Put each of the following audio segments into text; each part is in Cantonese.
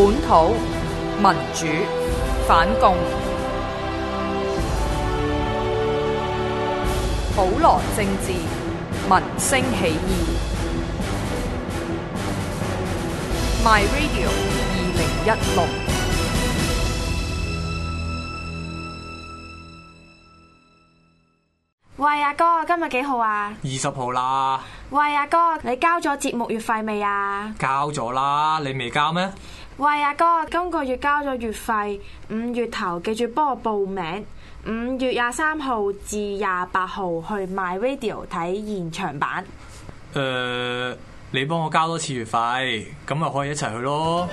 本土民主反共，普羅政治民生起義。My Radio 二零一六。喂阿哥，今日幾號啊？二十號啦。喂阿哥，你交咗節目月費未啊？交咗啦，你未交咩？喂，阿哥，今個月交咗月費，五月頭記住幫我報名。五月廿三號至廿八號去 my radio 睇現場版。誒、呃，你幫我交多次月費，咁咪可以一齊去咯。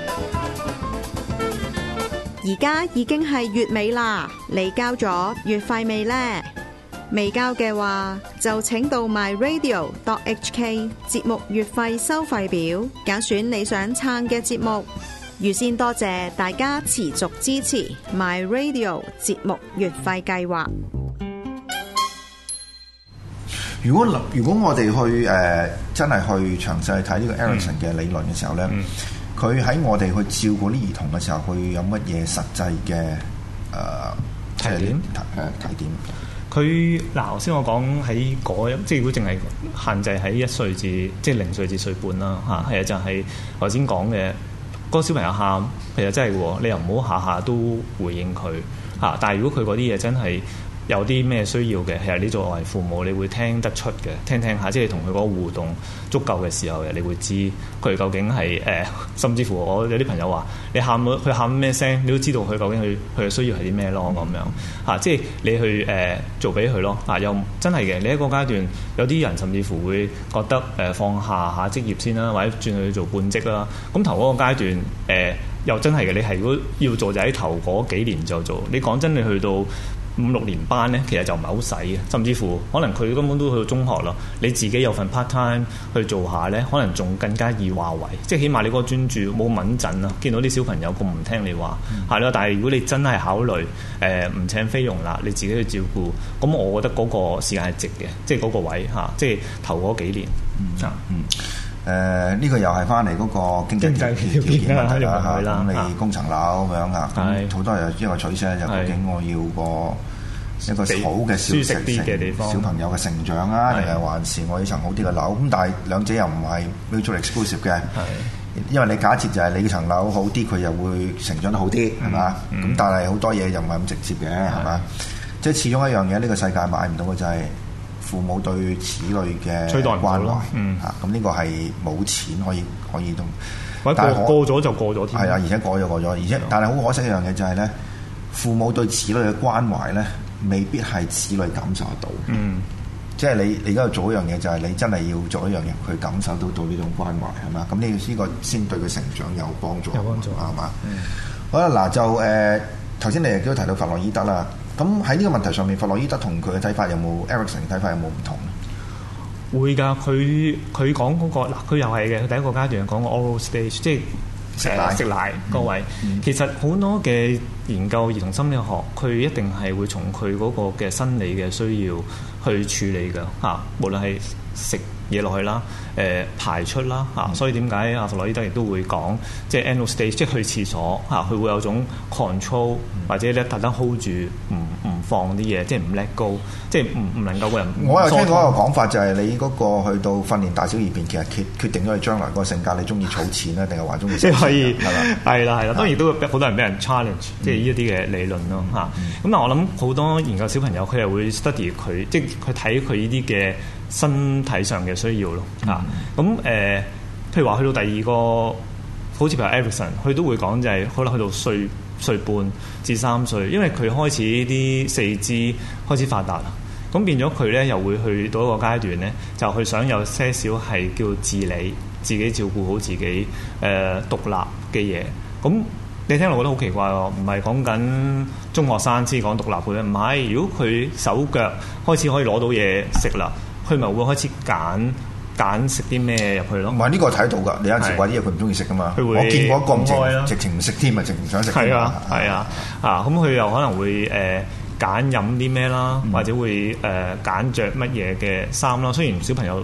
而家已經係月尾啦，你交咗月費未呢？未交嘅話就請到 my radio dot hk 節目月費收費表，揀選你想撐嘅節目。預先多謝大家持續支持 My Radio 節目月費計劃。如果如果我哋去誒、呃，真係去詳細睇呢個 Erickson 嘅理論嘅時候咧，佢喺、嗯、我哋去照顧啲兒童嘅時候，佢有乜嘢實際嘅誒提點誒提點？佢嗱點，頭先、呃、我講喺嗰一，即係如果淨係限制喺一歲至即係、就是、零歲至歲半啦，吓、啊、係啊，就係頭先講嘅。嗰個小朋友喊，其實真係喎，你又唔好下下都回應佢吓、啊。但係如果佢嗰啲嘢真係。有啲咩需要嘅，其實你作為父母，你會聽得出嘅，聽聽下，即係同佢嗰個互動足夠嘅時候嘅，你會知佢究竟係誒、呃，甚至乎我有啲朋友話你喊，佢喊咩聲，你都知道佢究竟佢佢嘅需要係啲咩咯咁樣嚇、啊，即係你去誒、呃、做俾佢咯嚇、啊，又真係嘅。你喺嗰階段有啲人甚至乎會覺得誒、呃、放下下職業先啦，或者轉去做半職啦。咁、啊、頭嗰個階段誒、呃、又真係嘅，你係如果要做就喺頭嗰幾年就做。你講真，你去到。五六年班咧，其實就唔係好使嘅，甚至乎可能佢根本都去到中學啦。你自己有份 part time 去做下咧，可能仲更加易話為，即係起碼你嗰個專注冇穩陣啦。見到啲小朋友咁唔聽你話嚇咧，但係如果你真係考慮誒唔請菲傭啦，你自己去照顧，咁我覺得嗰個時間係值嘅，即係嗰個位嚇，即係頭嗰幾年。嗯，誒呢個又係翻嚟嗰個經濟條件啦，咁你工層樓咁樣噶，好多人因為取捨，又究竟我要個。一個好嘅小城，小朋友嘅成長啊，定係還是我呢層好啲嘅樓？咁但係兩者又唔係 mutually exclusive 嘅，因為你假設就係你呢層樓好啲，佢又會成長得好啲，係嘛？咁但係好多嘢又唔係咁直接嘅，係嘛？即係始終一樣嘢，呢個世界買唔到嘅就係父母對子女嘅關懷。嗯，咁呢個係冇錢可以可以同，但係過咗就過咗。係啊，而且過咗過咗，而且但係好可惜一樣嘢就係咧，父母對子女嘅關懷咧。未必係子女感受得到，嗯，即係你你而家要做一樣嘢，就係你真係要做一樣嘢，佢感受到到呢種關懷，係嘛？咁你要呢個先對佢成長有幫助，有幫助，係嘛吧？嗯、好啦，嗱就誒，頭先你亦都提到弗洛伊德啦，咁喺呢個問題上面，弗洛伊德同佢嘅睇法有冇 Ericson 嘅睇法有冇唔同咧？會㗎，佢佢講嗰個嗱，佢又係嘅，佢第一個階段講個 oral stage，即係。食奶，食奶，各位，嗯、其實好多嘅研究兒童心理學，佢一定係會從佢個嘅生理嘅需要去處理嘅吓，無論係食。嘢落去啦，誒排出啦，啊，所以點解阿弗洛伊德亦都會講，即係 anal stage，即係去廁所，啊，佢會有種 control 或者咧特登 hold 住，唔唔放啲嘢，即係唔 let go，即係唔唔能夠個人。我又聽講一個講法就係，你嗰個去到訓練大小二便，其實決決定咗你將來嗰個性格，你中意儲錢咧，定係話中意。即係可以，係啦，係啦，當然都會好多人俾人 challenge，即係呢一啲嘅理論咯，嚇。咁但係我諗好多研究小朋友，佢係會 study 佢，即係佢睇佢呢啲嘅。身體上嘅需要咯，啊咁誒，譬如話去到第二個，好似譬如 Erickson，佢都會講就係、是、可能去到歲歲半至三歲，因為佢開始啲四肢開始發達啦，咁變咗佢咧又會去到一個階段咧，就去、是、想有些少係叫自理，自己照顧好自己誒、呃、獨立嘅嘢。咁你聽落覺得好奇怪喎、哦，唔係講緊中學生先講獨立嘅，唔係。如果佢手腳開始可以攞到嘢食啦。佢咪會開始揀揀食啲咩入去咯？唔係呢個睇到㗎，你有時啲嘢佢唔中意食㗎嘛。佢會我見過一個哀直情唔食添，直情唔想食。係的啊，係啊，啊咁佢又可能會誒揀飲啲咩啦，或者會誒揀着乜嘢嘅衫啦。雖然小朋友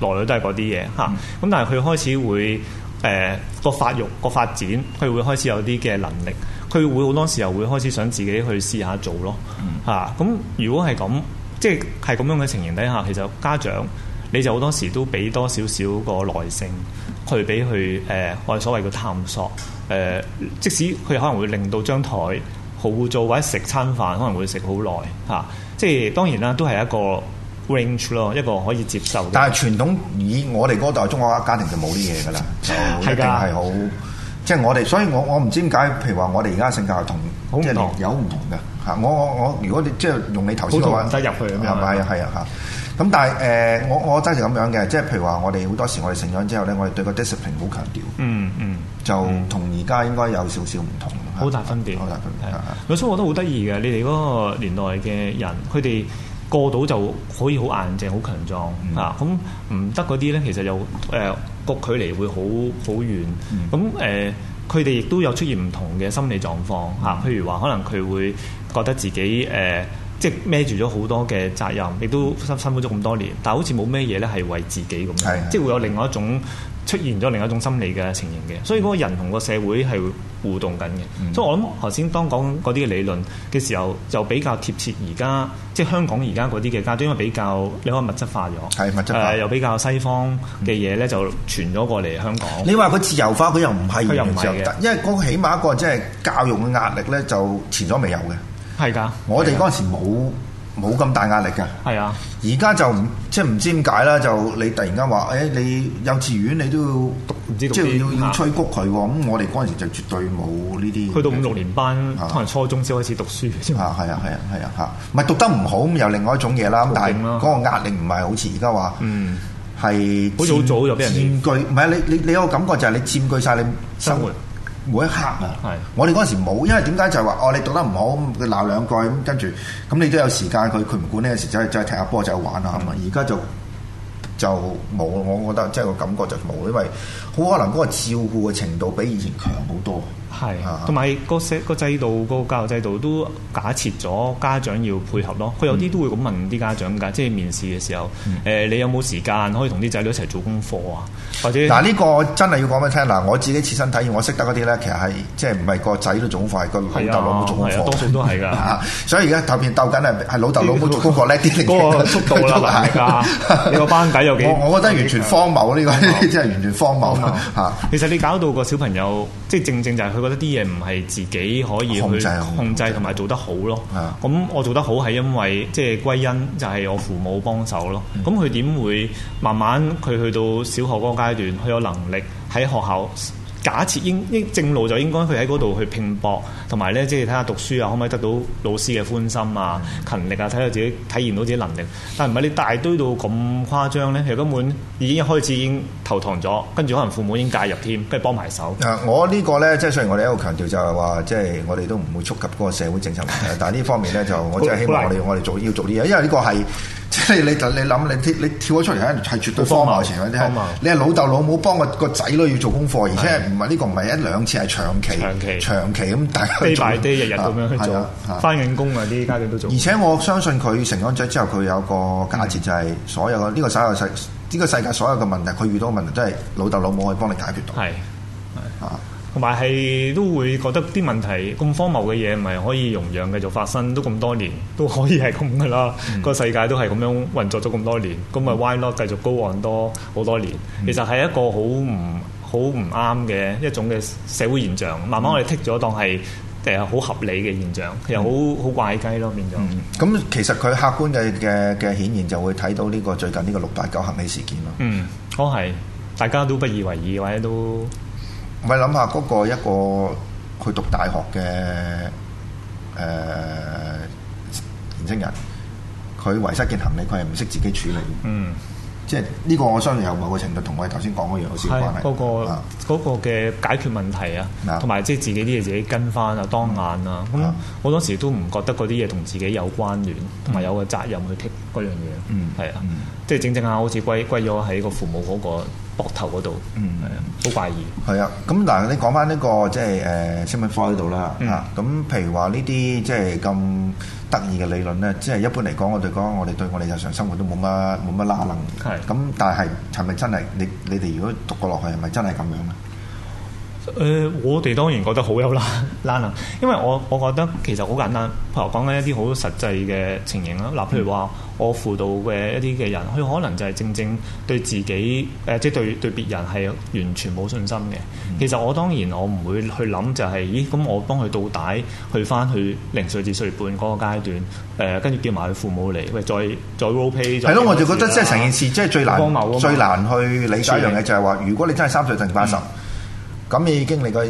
來女都係嗰啲嘢嚇，咁、啊、但係佢開始會誒個、啊、發育個發展，佢會開始有啲嘅能力，佢會好多時候會開始想自己去試下做咯嚇。咁、啊啊、如果係咁。即係係咁樣嘅情形底下，其實家長你就好多時都俾多少少個耐性去俾佢誒，我、呃、哋所謂嘅探索誒、呃，即使佢可能會令到張枱好污糟或者食餐飯可能會食好耐嚇，即係當然啦，都係一個 range 咯，一個可以接受嘅。但係傳統以我哋嗰代中國家庭就冇呢嘢㗎啦，就一定係好即係我哋，所以我我唔知點解，譬如話我哋而家性格係多同好係友唔同㗎。嚇！我我我，如果你即係用你頭先個話，好入去咁樣，係啊係啊嚇！咁但係誒，我我真係咁樣嘅，即係譬如話，我哋好多時我哋成長之後咧，我哋對個 discipline 好強調。嗯嗯，就同而家應該有少少唔同。好大分別。好大分別。咁所以我覺得好得意嘅，你哋嗰個年代嘅人，佢哋過到就可以好硬淨、好強壯啊！咁唔得嗰啲咧，其實又誒，個距離會好好遠。咁誒，佢哋亦都有出現唔同嘅心理狀況嚇，譬如話可能佢會。覺得自己誒、呃，即係孭住咗好多嘅責任，亦都辛辛苦咗咁多年，但係好似冇咩嘢咧，係為自己咁樣，是的 即係會有另外一種是的 出現咗另外一種心理嘅情形嘅。所以嗰個人同個社會係互動緊嘅，嗯、所以我諗頭先當講嗰啲理論嘅時候，就比較貼切而家即係香港而家嗰啲嘅階段，因為比較你講物質化咗，係物質化、呃，又比較西方嘅嘢咧，嗯、就傳咗過嚟香港。你話佢自由化，佢又唔係佢又唔係嘅，因為嗰個起碼一個即係教育嘅壓力咧，就前所未有嘅。係噶我哋嗰陣時冇冇咁大壓力噶係啊，而家就即係唔知點解啦，就你突然間話，誒你幼稚園你都要讀唔知讀邊啊？即係要要催谷佢喎。咁我哋嗰陣時就絕對冇呢啲。去到五六年班，可能初中先開始讀書。嚇係啊係啊係啊嚇，唔係讀得唔好咁又另外一種嘢啦。但係嗰個壓力唔係好似而家話。嗯，係好早佔據，唔係你你你有個感覺就係你佔據晒你生活。每一刻啊，是我哋嗰陣時冇，因為點解就係話哦，你讀得唔好，佢鬧兩句，咁跟住，咁你都有時間，佢佢唔管呢個時再再，嗯、就係就踢下波就玩啊，咁啊，而家就就冇，我覺得即係個感覺就冇，因為。好可能嗰個照顧嘅程度比以前強好多，係，同埋個社制度、個教育制度都假設咗家長要配合咯。佢有啲都會咁問啲家長㗎，即係面試嘅時候，誒你有冇時間可以同啲仔女一齊做功課啊？或者嗱呢個真係要講畀你聽嗱？我自己切身體驗，我識得嗰啲咧，其實係即係唔係個仔都做快，課，個老豆老母做功課，多數都係㗎。所以而家頭邊鬥緊係老豆老母做功課叻啲，嗰個速度啦，係啊！你個班底有幾？我我覺得完全荒謬呢個，真係完全荒謬。吓， 其實你搞到個小朋友，即係正正就係佢覺得啲嘢唔係自己可以去控制控制，控制同埋做得好咯。咁我做得好係因為即係、就係、歸因就係我父母幫手咯。咁佢點會慢慢佢去到小學嗰個階段，佢有能力喺學校。假設應應正路就應該佢喺嗰度去拼搏，同埋咧即係睇下讀書啊，可唔可以得到老師嘅歡心啊、勤力啊，睇下自己體驗到自己能力。但係唔係你大堆到咁誇張咧，其實根本已經開始已經逃堂咗，跟住可能父母已經介入添，跟住幫埋手。誒、啊，我個呢個咧，即係雖然我哋喺度強調就係話，即係我哋都唔會觸及嗰個社會政策問題， 但係呢方面咧，就我真係希望我哋我哋做要做啲嘢， 因為呢個係。即係你就你諗你，你跳你跳咗出嚟，係係絕對荒謬事，你係老豆老母幫個個仔女要做功課，而且唔係呢個唔係一兩次，係長期長期咁期大家做，日日咁樣去做，翻緊工啊啲、啊、家長都做。啊啊、而且我相信佢成咗仔之後，佢有個假設就係所有個呢個所有世呢個世界所有嘅問題，佢遇到嘅問題都係老豆老母可以幫你解決到。的同埋係都會覺得啲問題咁荒謬嘅嘢唔係可以容忍繼續發生，都咁多年都可以係咁㗎啦，個、嗯、世界都係咁樣運作咗咁多年，咁咪歪咯，不然不然繼續高昂多好多年。嗯、其實係一個好唔好唔啱嘅一種嘅社會現象，嗯、慢慢我哋剔咗當係誒好合理嘅現象，又好好怪雞咯變咗。咁、嗯嗯、其實佢客觀嘅嘅嘅顯現就會睇到呢個最近呢個六八九行兇事件咯。嗯，可能係大家都不以為意或者都。唔係諗下嗰個一個佢讀大學嘅誒年輕人，佢遺失件行李，佢係唔識自己處理。嗯，即係呢個我相信有某個程度同我哋頭先講嗰樣有少少關係。嗰個嘅解決問題啊，同埋即係自己啲嘢自己跟翻啊，當眼啊。咁我好多時都唔覺得嗰啲嘢同自己有關聯，同埋有個責任去剔嗰樣嘢。嗯，係啊，即係整整下好似歸歸咗喺個父母嗰個膊頭嗰度，嗯，好、嗯、怪異。係啊，咁嗱，你講翻呢、呢個即係誒新聞科嗰度啦。嗯、啊，咁譬如話呢啲即係咁得意嘅理論咧，即係一般嚟講，我哋講我哋對我哋日常生活都冇乜冇乜拉楞。係。咁是但係係咪真係你你哋如果讀過落去係咪真係咁樣咧？誒、呃，我哋當然覺得好有拉拉楞，因為我我覺得其實好簡單。譬如講緊一啲好實際嘅情形啦，嗱、呃，譬如話。 我輔導嘅一啲嘅人，佢可能就係正正對自己，誒即係對對別人係完全冇信心嘅。其實我當然我唔會去諗就係、是，咦咁我幫佢倒帶，去翻去零歲至歲半嗰個階段，誒跟住叫埋佢父母嚟，喂再再 role play。係咯，我就覺得即係成件事即係最難最難去理解一樣嘢、就是，就係話如果你真係三歲定八十，咁、嗯、你經歷過。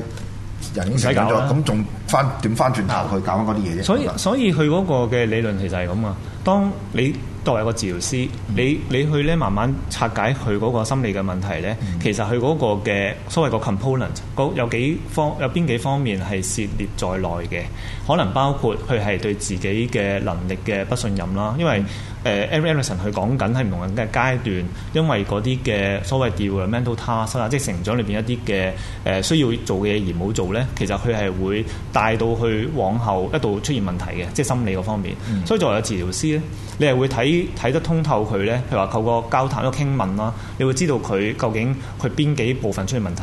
唔使搞咁仲翻點翻轉頭去搞嗰啲嘢。所以的所以佢嗰個嘅理論其實係咁啊。當你作為一個治療師，嗯、你你去咧慢慢拆解佢嗰個心理嘅問題咧，嗯、其實佢嗰個嘅所謂個 component 有幾方有邊幾方面係涉獵在內嘅，可能包括佢係對自己嘅能力嘅不信任啦，因為。嗯誒，Every Emerson 佢講緊喺唔同嘅階段，因為嗰啲嘅所謂 developmental task 啊，即係成長裏邊一啲嘅誒需要做嘅嘢而冇做咧，其實佢係會帶到去往後一度出現問題嘅，即係心理個方面。嗯、所以作為個治療師咧，你係會睇睇得通透佢咧，譬如話透過交談、一個傾問啦，你會知道佢究竟佢邊幾部分出現問題。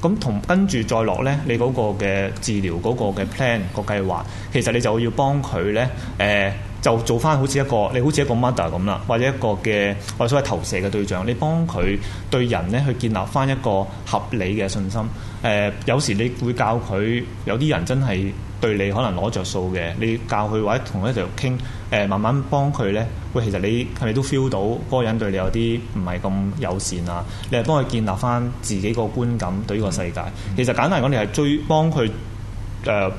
咁同跟住再落咧，你嗰個嘅治療嗰個嘅 plan 個計劃，其實你就要幫佢咧誒。呃就做翻好似一個你好似一個 mother 咁啦，或者一個嘅我哋所謂投射嘅對象，你幫佢對人呢去建立翻一個合理嘅信心。誒、呃，有時你會教佢有啲人真係對你可能攞着數嘅，你教佢或者同佢一齊傾誒，慢慢幫佢呢。喂、呃，其實你係咪都 feel 到嗰個人對你有啲唔係咁友善啊？你係幫佢建立翻自己個觀感對呢個世界。嗯嗯、其實簡單嚟講，你係追幫佢誒。呃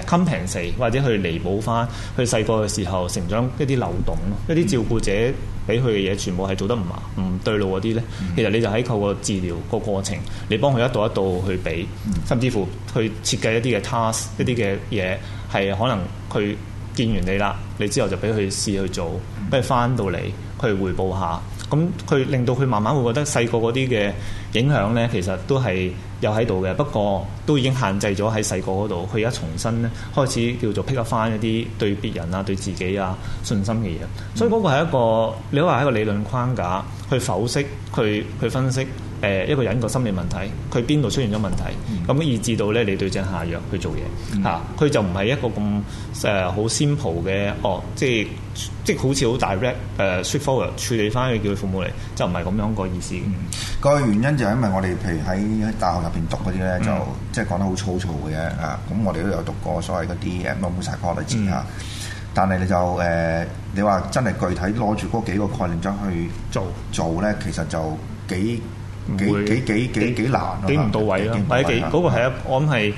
compensate 或者去彌補翻佢細個嘅時候成長一啲漏洞一啲照顧者俾佢嘅嘢全部係做得唔麻唔對路嗰啲呢。嗯、其實你就喺佢個治療個過程，你幫佢一度一度去俾，嗯、甚至乎去設計一啲嘅 task 一啲嘅嘢係可能佢見完你啦，你之後就俾佢試去做，跟住翻到嚟佢回報下，咁佢令到佢慢慢會覺得細個嗰啲嘅影響呢，其實都係。有喺度嘅，不過都已經限制咗喺細個嗰度。佢而家重新咧開始叫做 pick up 翻一啲對別人啊、對自己啊信心嘅嘢。所以嗰個係一個，你話係一個理論框架去剖析、去去分析。誒一個人個心理問題，佢邊度出現咗問題，咁、嗯、以致到咧你對症下藥去做嘢嚇，佢、嗯、就唔係一個咁誒好 simple 嘅，哦，即係即係好似好 direct、uh, 誒 straightforward 處理翻，你叫佢父母嚟就唔係咁樣個意思。嗯、個原因就係因為我哋譬如喺大學入邊讀嗰啲咧，就即、是、係講得好粗糙嘅嚇，咁、嗯、我哋都有讀過所謂嗰啲誒 management concept，但係你就誒、呃、你話真係具體攞住嗰幾個概念走去做做咧，其實就幾～唔會幾幾幾幾難，幾唔到位啦。或者、啊、幾嗰幾個係我諗係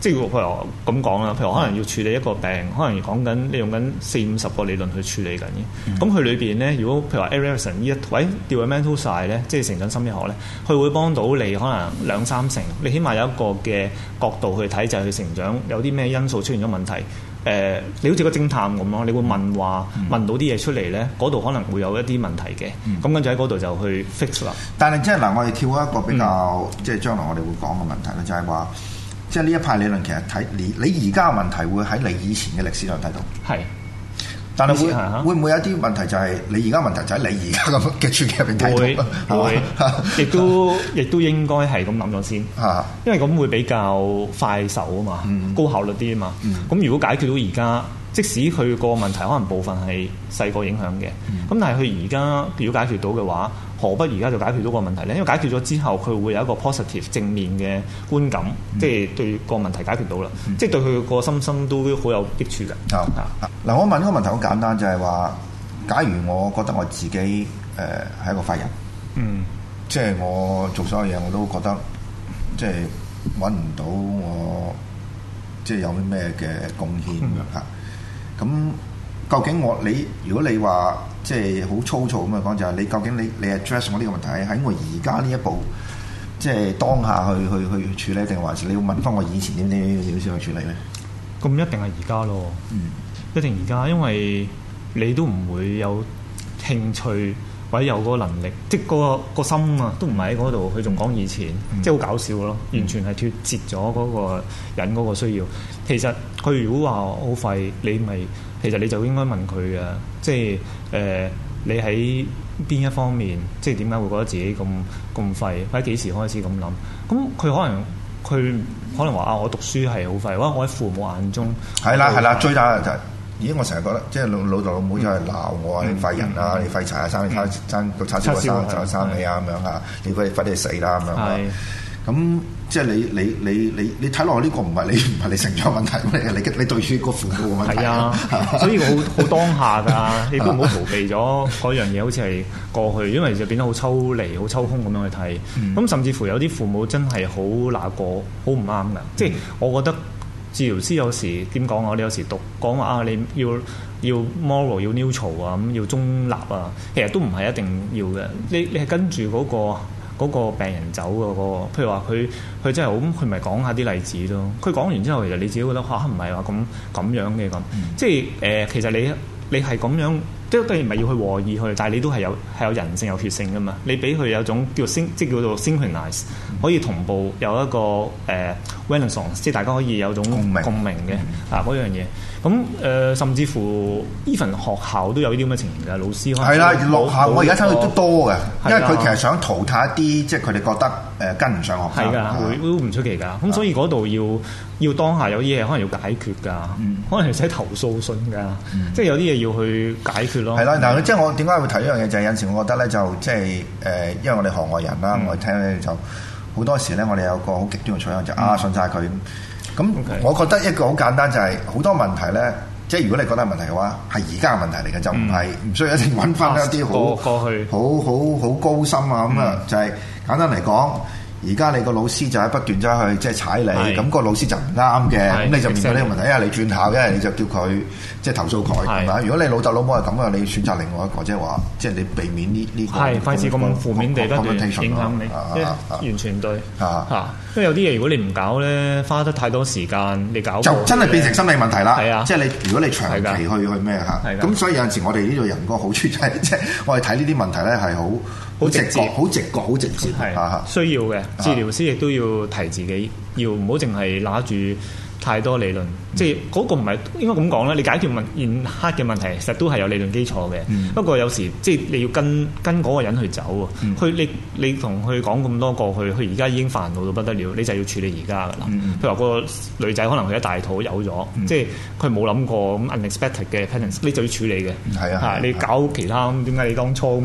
即係譬如咁講啦。譬如可能要處理一個病，嗯、可能講緊你用緊四五十個理論去處理緊嘅。咁佢裏邊咧，如果譬如話 Erikson 呢一位 developmental side 咧，即係成長心理學咧，佢會幫到你可能兩三成。你起碼有一個嘅角度去睇，就佢、係、成長有啲咩因素出現咗問題。誒、呃，你好似個偵探咁咯，你會問話問到啲嘢出嚟咧，嗰度、嗯、可能會有一啲問題嘅，咁、嗯、跟住喺嗰度就去 fix 啦。但係即係嗱，我哋跳一個比較、嗯、即係將來我哋會講嘅問題咧，就係、是、話即係呢一派理論其實睇你你而家嘅問題會喺你以前嘅歷史上睇到係。但會試試會唔會有一啲問題就係你而家問題就喺你而家咁嘅處境入邊，會亦都亦都應該係咁諗咗先，啊、因為咁會比較快手啊嘛，嗯、高效率啲啊嘛。咁、嗯、如果解決到而家，即使佢個問題可能部分係細個影響嘅，咁、嗯、但係佢而家要解決到嘅話。何不而家就解決咗個問題咧？因為解決咗之後，佢會有一個 positive 正面嘅觀感，嗯、即係對個問題解決到啦，嗯、即係對佢個心心都好有益處嘅。嗱、嗯，嗯、是我問呢個問題好簡單，就係、是、話，假如我覺得我自己誒係、呃、一個法人，嗯，即係我做所有嘢我都覺得即係揾唔到我即係、就是、有啲咩嘅貢獻咁、嗯嗯、究竟我你如果你話？即係好粗糙咁啊講，就係你究竟你你 address 我呢個問題，喺我而家呢一步，即係當下去去去處理定還是你要問翻我以前點點點點去處理咧？咁一定係而家咯，嗯，一定而家，因為你都唔會有興趣或者有嗰個能力，即係嗰、嗰個心啊都唔喺嗰度。佢仲講以前，嗯、即係好搞笑咯，嗯、完全係脫節咗嗰個人嗰個需要。其實佢如果話我好廢，你咪～其實你就應該問佢啊，即係誒、呃、你喺邊一方面，即係點解會覺得自己咁咁廢？或者幾時開始咁諗？咁佢可能佢可能話啊，我讀書係好廢，或者我喺父母眼中係啦係啦，最大嘅就係咦！我成日覺得即係老老豆老母出嚟鬧我啊，你廢人啊，你廢柴啊，生舊叉燒好過生你啊咁樣啊，你廢快啲死啦咁樣。咁即係你你你你你睇落，呢個唔係你唔係你成長問題，你你對於個父母嘅問題係啊， 所以好好當下㗎，你都唔好逃避咗嗰樣嘢， 好似係過去，因為就變得好抽離、好抽空咁樣去睇。咁、嗯、甚至乎有啲父母真係好難過、好唔啱嘅。即係、嗯、我覺得治療師有時點講啊？你有時讀講話啊，你要要 moral 要 neutral 啊，咁要中立啊，其實都唔係一定要嘅。你你係跟住嗰、嗰個。嗰個病人走個、嗰個，譬如話佢佢真係好佢咪講下啲例子咯。佢講完之後，其實你自己覺得吓，唔係話咁咁樣嘅咁，嗯、即係誒、呃、其實你你係咁樣，即係當然唔係要去和議去，但係你都係有係有人性有血性噶嘛。你俾佢有種叫做，即叫做 synchronize、嗯、可以同步有一個誒 wellness 鳴即係大家可以有種共鳴嘅鳴啊嗰樣嘢。咁誒，甚至乎 even 學校都有呢啲咁嘅情形㗎，老師可能係啦，落校我而家睇到都多嘅，因為佢其實想淘汰一啲，即係佢哋覺得誒跟唔上學生，會唔出奇㗎。咁所以嗰度要要當下有啲嘢可能要解決㗎，可能要寫投訴信㗎，即係有啲嘢要去解決咯。係啦，嗱，即係我點解會提呢樣嘢？就係有時我覺得咧，就即係誒，因為我哋行外人啦，我哋聽咧就好多時咧，我哋有個好極端嘅取向就啊，信曬佢。咁那 Okay. 我覺得一個好簡單就係、是、好多問題咧，即係如果你覺得係問題嘅話，係而家嘅問題嚟嘅，就唔係唔需要一定揾翻一啲 Ask 好過去好好好高深啊咁啊，mm. 就係簡單嚟講，而家你老踏踏踏是個老師就係不斷走去即係踩你，咁個老師就唔啱嘅，咁你就面對呢個問題，一係 exactly. 你轉校，嘅，你就叫佢。即係投訴佢係咪？如果你老豆老母係咁啊，你選擇另外一個，即係話，即係你避免呢呢個負面地影響你，即係完全對啊啊！因為有啲嘢如果你唔搞咧，花得太多時間，你搞就真係變成心理問題啦。係啊，即係你如果你長期去去咩嚇，咁所以有陣時我哋呢個人格好處就係即係我哋睇呢啲問題咧係好好直接，好直覺、好直接啊！需要嘅治療師亦都要提自己，要唔好淨係拿住。太多理論，即係嗰個唔係應該咁講啦。你解決問現刻嘅問題，實都係有理論基礎嘅。不過有時即係你要跟跟嗰個人去走啊。佢你你同佢講咁多過去，佢而家已經煩惱到不得了。你就要處理而家啦。譬如話個女仔可能佢一大肚有咗，即係佢冇諗過咁 unexpected 嘅 parents，你就要處理嘅。係啊，你搞其他點解你當初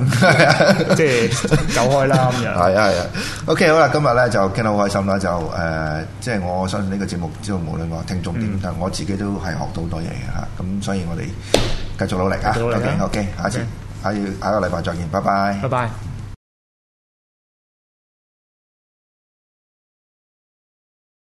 即係走開啦咁樣。係啊係啊，OK 好啦，今日咧就傾得好開心啦，就誒即係我相信呢個節目之後冇聽眾點、嗯、但我自己都係學到好多嘢嘅吓。咁所以我哋繼續努力啊！OK OK，下次 okay. 下一個禮拜再見，拜拜，拜拜。